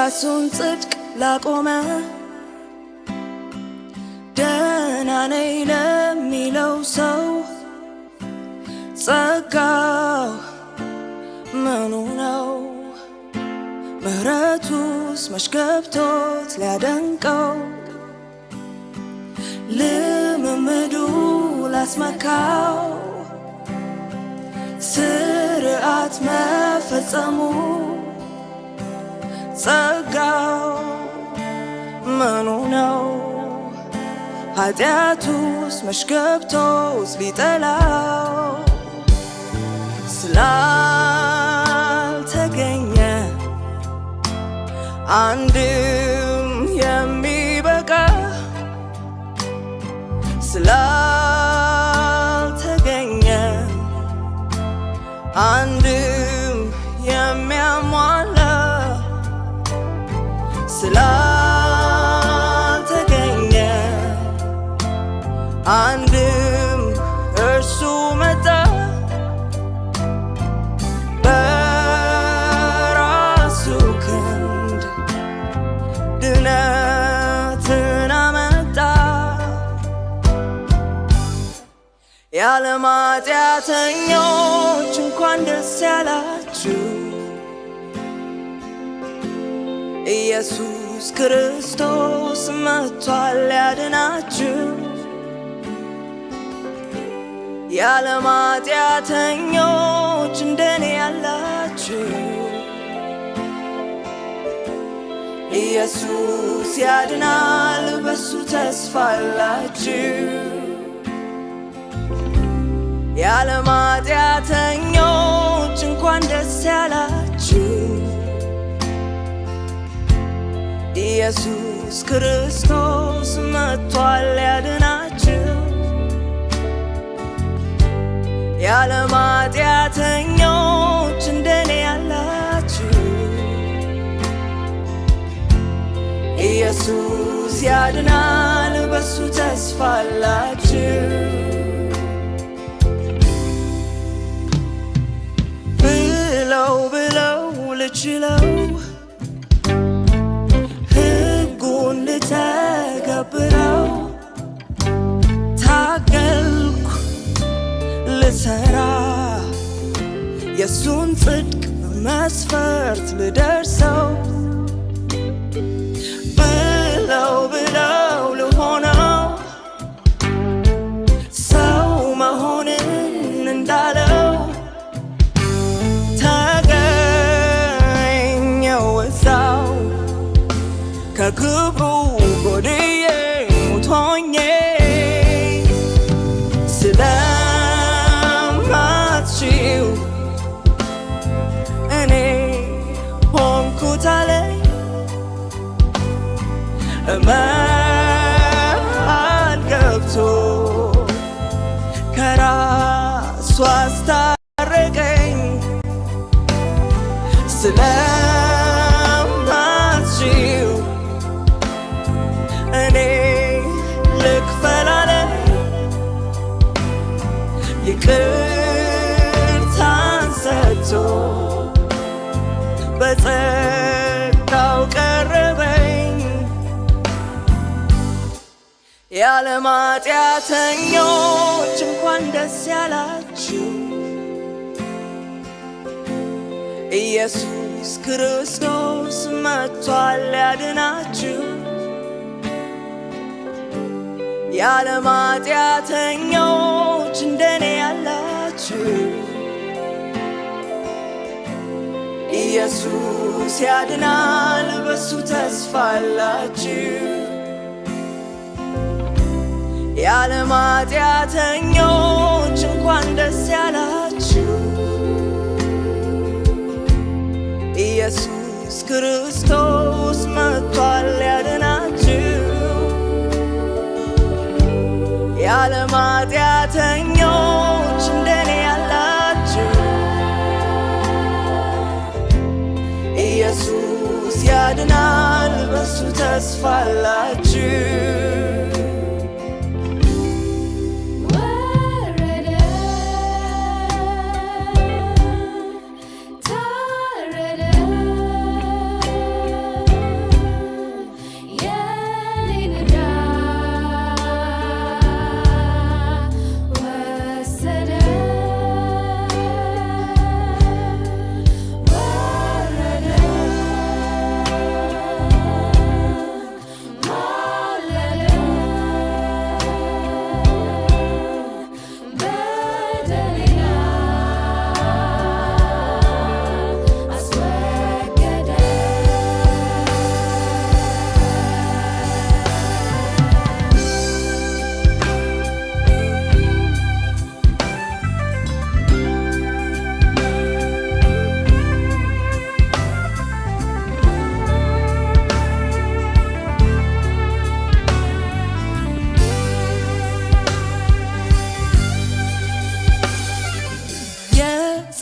የራሱን ጽድቅ ላቆመ ደህና ነኝ ለሚለው ሰው ጸጋው ምኑ ነው? ምሕረቱስ መች ገብቶት ሊያደንቀው ልምምዱ ላስመካው ስርዓት መፈጸሙ ጸጋው ምኑ ነው? ኃጢአቱስ መች ገብቶስ ሊጠላው ስላልተገኘ አንድም የሚበቃ ስላልተገኘ አንድ ስላልተገኘ አንድም እርሱ መጣ በራሱ ክንድ ድነትን አመጣ ያለማጢአተኞች እንኳን ደስ ያላችሁ ኢየሱስ ክርስቶስ መጥቷል ያድናችሁ! የዓለም ኃጢአተኞች እንደኔ ያላችሁ ኢየሱስ ያድናል፣ በሱ ተስፋ አላችሁ። የዓለም ኃጢአተኞች እንኳን ደስ ያላ ኢየሱስ ክርስቶስ መጥቷል ሊያድናችሁ የዓለም ኃጢአተኞች እንደኔ ያላችሁ ኢየሱስ ያድናል በሱ ተስፋ አላችሁ ብለው ብለው ልችለው የእሱን ጽድቅ መስፈርት ልደርሰው ብለው ብለው ልሆነው ሰው መሆንን እንዳለው ታገኘው እዛው ከክብሩ a የዓለም ኃጢአተኞች እንኳን ደስ ያላችሁ፣ ኢየሱስ ክርስቶስ መጥቷል ሊያድናችሁ። የዓለም ኃጢአተኞች እንደኔ ያላችሁ፣ ኢየሱስ ያድናል፣ በሱ ተስፋ አላችሁ። የዓለም ኃጢአተኞች እንኳን ደስ ያላችሁ ኢየሱስ ክርስቶስ መጥቷል ሊያድናችሁ። የዓለም ኃጢአተኞች እንደኔ ያላችሁ ኢየሱስ ያድናል፣ በሱ ተስፋ አላችሁ።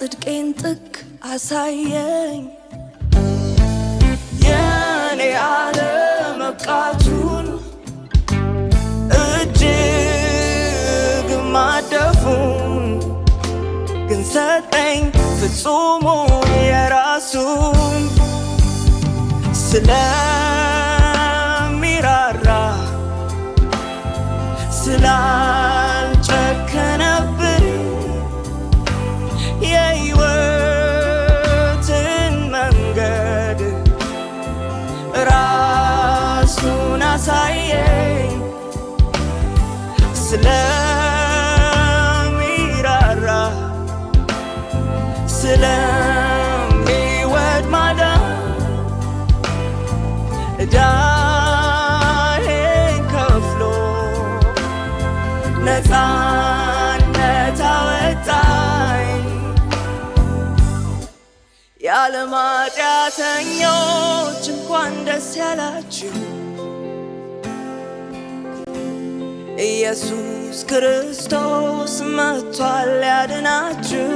የጽድቄን ጥግ አሳየኝ የኔ አለመብቃቱን እጅግ ማደፉን ግን ሰጠኝ ፍጹሙ የራሱን ስለሚራራ ስላ ስለሚወድ ሕይወት ማዳን ዕዳዬን ከፍሎ ነፃነት አወጣኝ የዓለም ኃጢአተኞች እንኳን ደስ ያላችሁ ኢየሱስ ክርስቶስ መጥቷል ያድናችሁ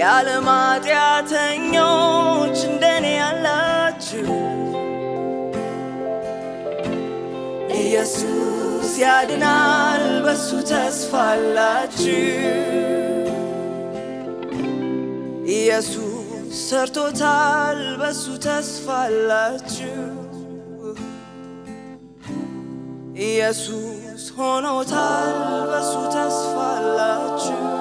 ያለ ማጢአተኞች እንደኔ ያላችሁ ኢየሱስ ያድናል፣ በሱ ተስፋ አላችሁ። ኢየሱስ ሰርቶታል፣ በሱ ተስፋ አላችሁ። ኢየሱስ ሆኖታል፣ በሱ ተስፋ አላችሁ።